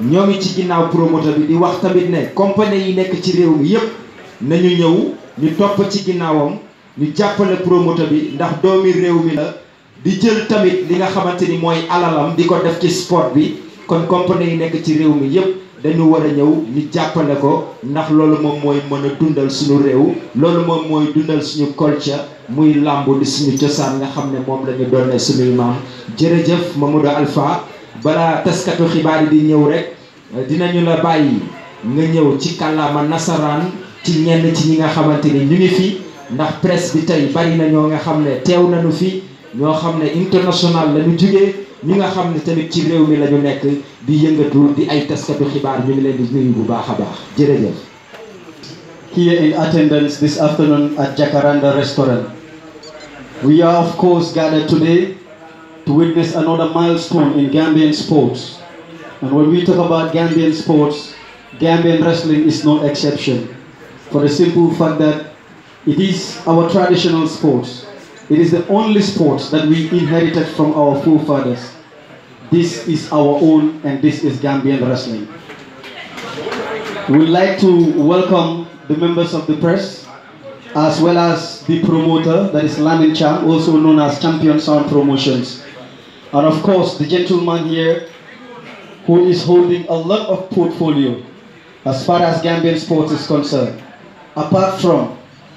ñoo ci ginnaaw promoteur bi di wax tamit ne compagnie yi nekk ci réew mi yépp nañu ñëw ñu topp ci ginnaawam ñu jàppale promoteur bi ndax doomi réew mi la di jël tamit li nga xamante ni mooy alalam di ko def ci sport bi kon compagnie yi nekk ci réew mi yépp dañu war a ñëw ñu jàppale ko ndax loolu moom mooy mën a dundal suñu réew loolu moom mooy dundal suñu culture muy làmb di suñu cosaan nga xam ne moom la ñu doonee suñuy maam jërëjëf Mamadou Alpha balaa taskatu xibaar yi di ñëw rek dinañu la bàyyi nga ñëw ci kàllaama nasaraan ci ñenn ci ñi nga xamante ni ñu ngi fi ndax presse bi tey bari na ñoo nga xam ne teew nañu fi ñoo xam ne international la ñu jugee ñi nga xam ne tamit ci réew mi la ñu nekk di yëngatu di ay taskatu xibaar ñu ngi leen di nuyu bu baax a baax jërëjëf. Here in attendance this afternoon at Jacaranda restaurant. We of course gathered today to witness another milestone in Gambian sports. And when we talk about Gambian sports, Gambian wrestling is no exception. For the simple fact that it is our traditional sport. It is the only sport that we inherited from our forefathers. This is our own and this is Gambian wrestling. We'd like to welcome the members of the press as well as the promoter, that is Lamin Cham, also known as Champion Sound Promotions. And of course, the gentleman here who is holding a lot of portfolio as far as Gambian sports is concerned. Apart from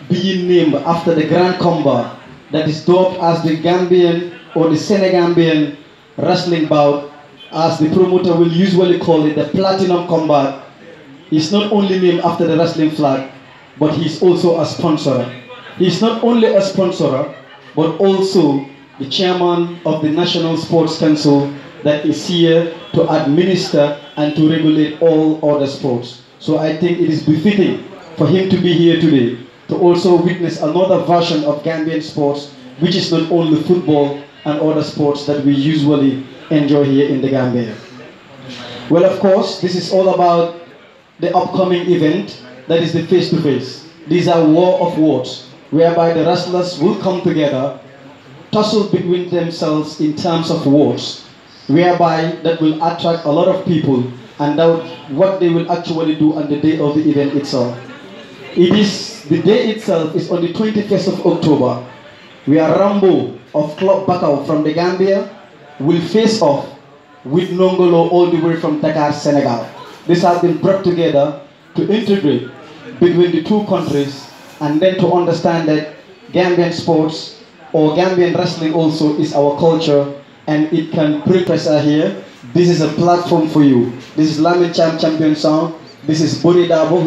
being named after the Grand Combat that is dubbed as the Gambian or the Senegambian wrestling bout, as the promoter will usually call it, the Platinum Combat, he's not only named after the wrestling flag, but he's also a sponsor. He's not only a sponsor, but also the chairman of the National Sports Council that is here to administer and to regulate all other sports. So I think it is befitting for him to be here today to also witness another version of Gambian sports, which is not only football and other sports that we usually enjoy here in the Gambia. Well, of course, this is all about the upcoming event that is the face-to-face. -face. These are war of words, whereby the wrestlers will come together tussle between themselves in terms of words, whereby that will attract a lot of people and that what they will actually do on the day of the event itself. It is the day itself is on the 21st of October, We are Rambo of Club Bakau from the Gambia will face off with Nongolo all the way from Dakar, Senegal. This has been brought together to integrate between the two countries and then to understand that Gambian sports or Gambian wrestling also is our culture and it can bring pressure here. This is a platform for you. This is Lamin Champ Champion song. This is Bonnie Dabo.